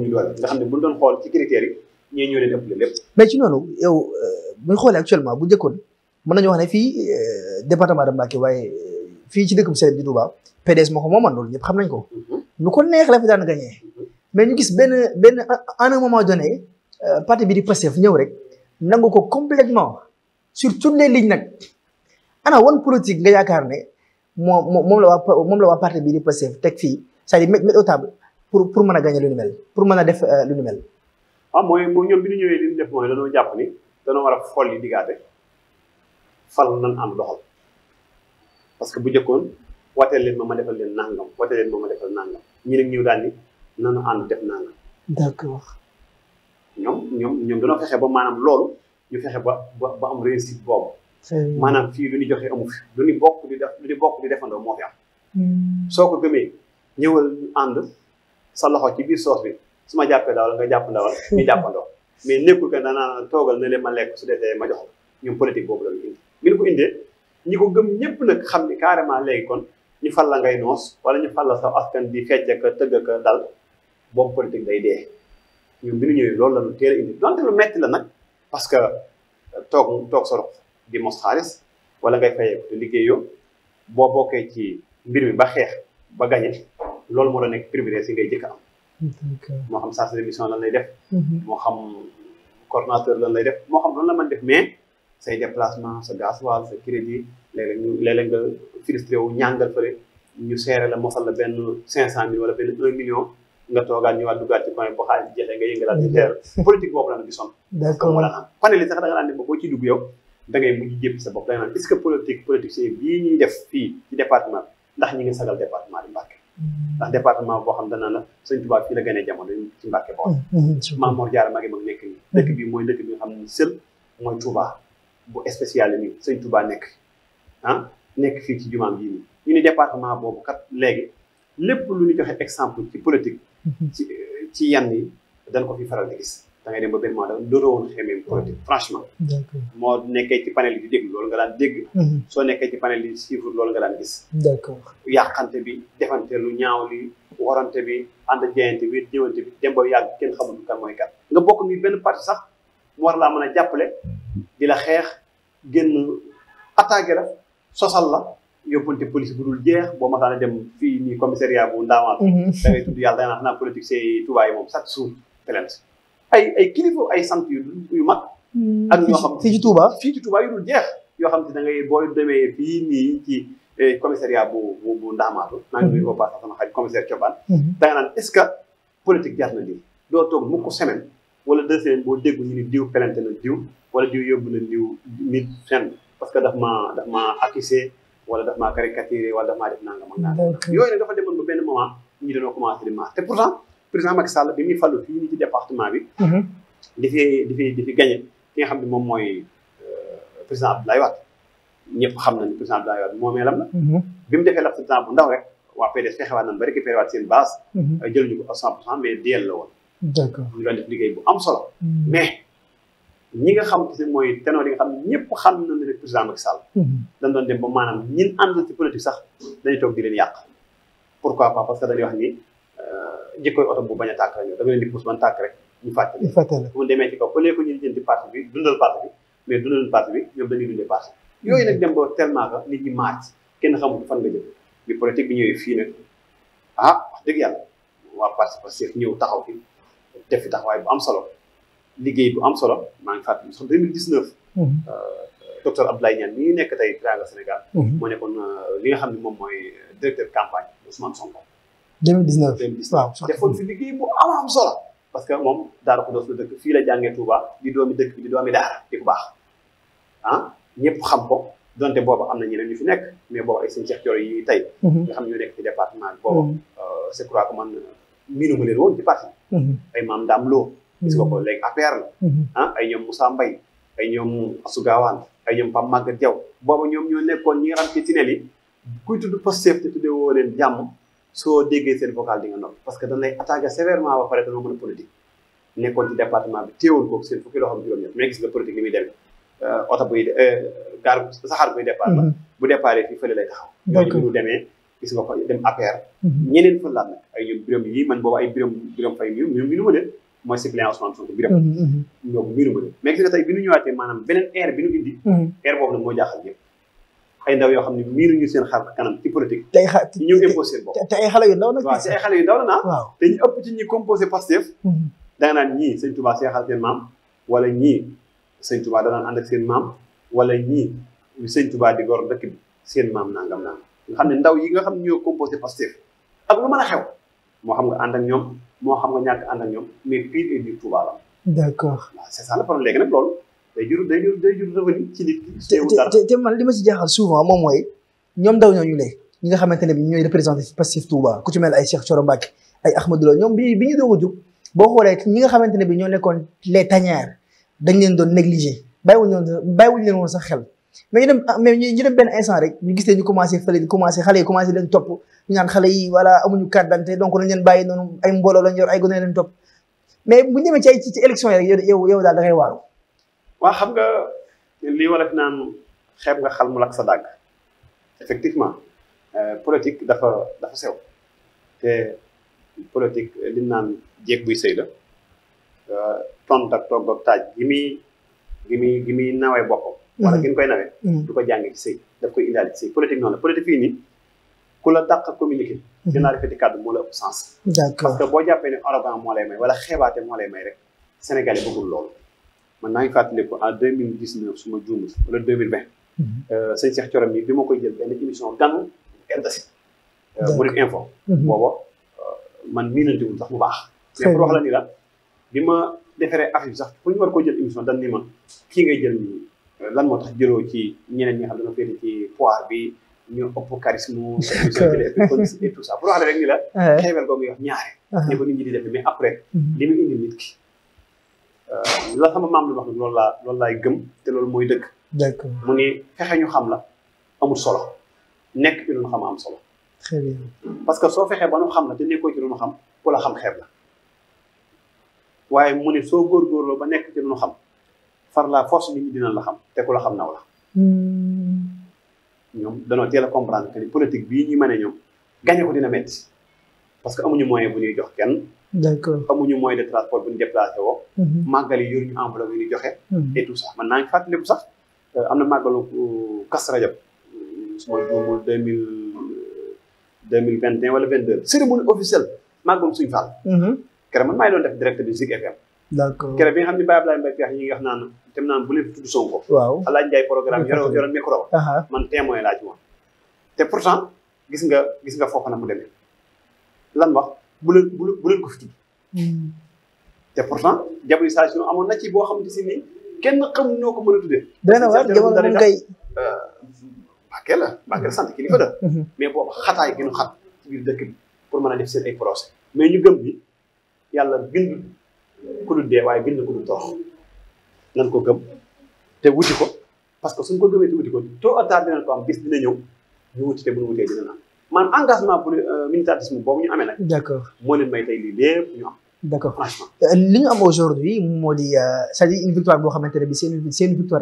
amuñu doole nga xam ne buñ doon xool ci critères mais ci noonu yow euh, buñ xoolee actuellement bu njëkkoon mën nañu wax ne fii euh, département de Mbacké waaye euh, fii ci dëkk bu sell bi Touba PDS moo ko mooman loolu ñëpp xam nañ ko nu mm-hmm. ko neex la fi daan gagné mm-hmm. gis benn benn en un moment donné bi di Pastef ñëw rek nangu ko complètement sur toutes les lignes nag ana wan politique nga yaakaar ne moom moom la waa moom la waa parti bi di Pastef teg fii c'est-à-dire mettre pour pour mën a gagné lu ni mel pour man a def euh, lu ni mel. waaw ah, mooy mooy ñoom bi ñu ñëwee li ñu def mooy dañoo jàpp ni dañoo war a xool yi diggaate fal nan am doxal parce que bu njëkkoon wateel leen ma ma defal leen nangam wateel leen ma ma defal nangam ñi nag ñëw daal ànd def nangam. d'accord. ñoom ñoom ñoom fexe ba maanaam loolu ñu fexe ba ba ba am réussite boobu. maanaam fii lu ñu joxe amu fi lu ñu bokk di bokk di defandoo moo fi am. Hmm. soo ko gëmee ñëwal ànd. sa loxo ci biir soos bi su ma jàppee ndawal nga jàpp ndawal ñu jàppandoo mais nekkul que danaa toogal ne leen ma lekk su defee ma jox ñun politique boobu la ñu indi bi ñu ko indee ñi ko gëm ñëpp nag xam ni carrément léegi kon ñu fal la ngay noos wala ñu fal la sa askan di fecc ak tëgg ak dal boobu politique day dee ñun bi ñu ñëwee loolu la ñu teel a indi donte lu metti la nag parce que euh, toog toog soro di mos xaalis wala ngay fayee di liggéeyoo boo bokkee ci mbir mi ba xeex ba gañe loolu moo doon nekk privilège yi ngay jëkk am moo xam chargé de mission lan lay def mhm. moo xam coordonnateur lan lay def moo xam lan la mën def mais say déplacement sa gasoil sa crédit léeg-léeg ñu léeg-léeg nga frustré wu ñàngal fële ñu seere la mosal la benn cinq cent mille wala benn un million nga toogaat ñëwaat duggaat ci point boo xaalis bi jeexee nga yëngalaat ci mhm. teer politique boobu lana gisoon d'accord wala am panel li sax da nga daan ne ba boo ciy dugg yow da ngay mujj jëpp sa bopp da nga naan est-ce que politique politique bii ñuy def fii ci département bi ndax ñi ngi sagal département bi Mbacké ndax département boo xam dana la sëñ Tuubaa fii la gënee jamono ci Mbàkke Bawol mm, mm, mm. Maam moo Jaara maa ngi mag nekk nii dëkk bi mooy dëkk bi nga xam ne sël mooy Tuubaa bu spécial nii sëñ Tuubaa nekk ah nekk fii ci jumaam bii nii ñu ni département boobu kat léegi lépp lu ñu joxe exemple ci politique mm-hmm. ci ci yan yi dañ ko fi faral di gis da ngay dem ba benn moment dafa dootoo woon xemmeem franchement moo nekkee ci panel yi di déglu loolu nga daan dégg mhm. soo nekkee ci panel yi suivre loolu nga daan gis d'accord yàqante bi defante lu ñaaw li warante bi ànd jeyante bi jëwante bi dem ba yàgg kenn xamul kan nga bokk ni benn parti sax mu war laa mën a jàppale di la xeex génn attaqué la sosal la yóbbante police bu dul jeex boo mataane dem fii nii commissariat bu ndaamaan mhm. da ngay tudd yàlla da nga naan xanaa politique moom chaque jour ay ay kilifa ay sant yu yu mag. Hmm. ak ñoo xam fii ci Touba fii ci Touba yu dul jeex. yoo xam te da ngay boo demee fii nii ci eh, commissariat bu bu bu Ndaamaatu. Hmm. maa ngi nuyu au passage sama xarit commissaire Thioban. Hmm. da ce que politique jar na lii. doo toog mukk semaine wala deux boo dégg ñu ni diw pelante wala diw yóbbu na diw nit fenn parce que daf maa daf maa accusé wala daf maa caricaturé wala daf maa def nangam ak nangam. yooyu nag dafa demoon ba benn moment ñu dañoo di maar te pourtant. président Macky Sall bi muy falu fii ci département bi. Mhm. di fi di fi di fi nga xam ne moom mooy euh, président Abdoulaye Wade ñëpp xam nañu président Abdoulaye Wade moomeelam mhm. bi mu defee la président bu ndaw rek waa PDS fexewaat ba récupéré waat seen base. Mhm. jëluñu ko à 100% mais DL la bu am solo. mais ñi nga xam ne mooy tenor yi nga xam ne ñëpp xam nañu ne président Macky dem ba maanaam ñin ànd ci politique sax dañuy toog di leen yàq. pourquoi pas parce que dañuy wax ni. Euh, jikkoy oto bu bañ a tàkk rek da nga leen di pousse ban tàkk rek ñu fàttali. ñu fàttali bu demee ci kaw au lieu que ñu jëndi parti bi dundal parti bi mais dundal parti bi ñoom dañuy dundee parti yooyu nag dem ba tellement que nit ñi màcc kenn xamul fan nga jëm bi politique bi ñëwee fii nag ah wax dëgg yàlla waa parti Pastef ñëw taxaw fi def fi taxawaay bu am solo liggéey bu am solo maa ngi fàttali sax 2019. Euh, docteur Abdoulaye Niane mi ngi nekk tey Sénégal. moo nekkoon euh, li nga xam ne moom mooy directeur campagne Ousmane Sonko. 2019 2019 waaw defoon fi liggéey bu am am parce que moom Daaru Xudoos la dëkk fii la jàngee Touba di doomi dëkk bi di doomi daara di ku baax ah ñëpp xam ko donte boobu am na ñeneen ñu fi nekk mais boobu ay seen Cheikh Thioro yi tey mhm. nga xam ñoo nekk ci département bi boobu mhm. euh, c'est crois que man miinuma leen woon ci parti mhm. ay maam Dame Lo gis nga ko léegi APR la ah ay ñoom Moussa Mbaye ay ñoom Assou Gawane ay ñoom Pape Maguette Diaw boobu ñoom ñoo nekkoon ñi nga xam ci tineel yi kuy tudd Pastef soo déggee seen vocal di nga parce que dañ lay attaqué sévèrement ba pare danga mën a politique nekkoon ci département bi téewul ko seen fukki loxoom juróom-ñett mais euh, euh, mm-hmm. bu départ fii fële lay taxaw yooyu ñu demee gis nga dem APR mm-hmm. ñeneen fële laat nag ay ñoom biram yi man boobu ay biram biram fay mi mi minu ma leen mooy suppléant Ousmane Sonko biram mm-hmm, ñoom minu ma leen mais gis nga tey bi ñu ñëwaatee maanaam beneen air bi ñu indi air boobu nag moo jaaxal ñëpp ay ndaw yoo xam ne miinuñu seen xar kanam ci politique. tey xa seen bopp te ay xale yu ndaw la. waaw te ay xale yu ndaw la naa. waaw te ñu ëpp ci ñi composé Pastef. Mm-hmm. da nga naan ñii sëñ Touba seexal seen maam wala ñii sëñ Touba danaan ànd ak seen maam wala ñii sëñ Touba di gor dëkk bi seen maam naa nangam nangam nga xam ne ndaw yi nga xam ne ñoo composé Pastef ak lu mën a xew moo xam nga ànd ñoom moo xam nga ñàkk ànd ak ñoom mais pire et dur Touba la. d'accord waaw c'est ça léegi nag loolu day te man li ma si jaaxal souvent moom mooy ñoom ndaw ñooñu le nga xamante ne bi ñooy représenté Pastef Touba ku ci mel ay Cheikh Thioro Mbacké ay Ahmadou Lo ñoom bi ñu doog a boo xoolee ñi nga xamante ne bi ñoo nekkoon les tanières dañ leen doon négligé bàyyiwuñu woon bàyyiwuñu leen woon sax xel mais ñu dem ah, mais benn instant rek ñu gis ne ñu commencé fële commencé xale yi commencé leen topp ñu naan xale yi voilà amuñu carte d'identité donc nañ leen bàyyi noonu ay mbooloo lañ yor ay gone rek waa xam nga lii walla fi naan xeeb nga xal mu lakk sa dàgg effectivement euh, politique dafa dafa sew te politique euh, li naan jéeg buy sëy la euh, tont ak togg ak taaj gi muy gi muy gi muy nawee boppam mm-hmm. wala gi ñu koy nawee mm-hmm. du ko jàngee ci sëy daf koy indaale ci sëy politique noonu la politique fii nii ku la dàq communiqué dinaa mm-hmm. rafeti kàddu moo la ëpp sens d'accord parce que boo jàppee ne arrogant moo lay may wala xeebaate moo lay may rek sénégalais bëggul loolu man naa ngi fàttaliku a deux mille dix neuf suma ma juumul wala deux mille vingt. Mhm. Euh, sëñ Cheikh Corom yi bi ma koy jël benn émission ganu euh, RDC. Mourides Info. Mhm. booba euh, man miinantiwul sax bu baax. mais pour wax la ni la bi ma defaree affaire sax fu ñu war koo jël imission dan ni ma kii ngay jël nii lan moo tax jëloo ci ñeneen ñi nga xam ci poire bi ñu ëpp charisme. et tout ça pour wax la rek ni la. xeebel googu nga wax ñaare. Uh-huh. ne ko nit ñi di mais après. Mhm. li mu indi Euh, la sama maam la wax nag loolu laa loolu laay gëm te loolu mooy dëkk d'accord mu ni fexe ñu xam la amul solo nekk ci lu ñu xam am solo. très parce que soo fexee ba nu xam la te nekkoo ci lu ñu xam ku la xam xeeb la waaye mu ne soo góorgóorloo ba nekk ci lu ñu xam far la force nit dina la xam te ku la xam naw la. Hmm. ñoom danoo teel a comprendre que ni politique bii ñuy mën a ñoom gañe ko dina metti parce que amuñu moyen bu ñuy jox ken d'accord amuñu moyen de transport bu ñu déplacé woo. Mhm. màggal yi yor ñu enveloppe yi ñu joxe. Mhm. et tout man naa ngi fàttaliku sax euh, am na màggalu euh, Kazu Rajab. su ma juumul deux mille deux mille vingt et un mhm. man maa ngi doon direct de Zik FM. d'accord keroog bi nga xam ne Baye Abdoulaye Mbaye Peex ñi ngi wax naan dem naan bu leen tudd Sonko. waaw Alaaji programme yore yore micro. man témoin laa ci woon. te pourtant gis nga gis nga foofu na mu demee. lan wax bu leen bu bu leen ko fi tudd hmm. te pourtant diabolisation amoon na ci boo xam ne si nii kenn xamul noo ko mën a tuddee. dana war jamono moom kay. Mbàkke la Mbàkke la sant kilifa la. Hmm. Hmm. mais boobu xataay gi ñu xat ci biir dëkk bi pour mën a def seen ay procès mais ñu gëm bi yàlla bind ku dul dee waaye bind ku dul torox nan ko gëm te wuti ko parce que suñ ko gëmee te wuti ko tôt ou tard dinañ ko am bis dina ñëw ñu wuti te bu ñu wutee dina naan. man engagement pour euh, militantisme boobu ñu amee nag. d' accord moo leen may tey lii lépp ñu am. d' accord euh, li ñu am aujourd'hui hui moo di euh, c'est-à-dire une victoire boo xamante ne bi seen seen victoire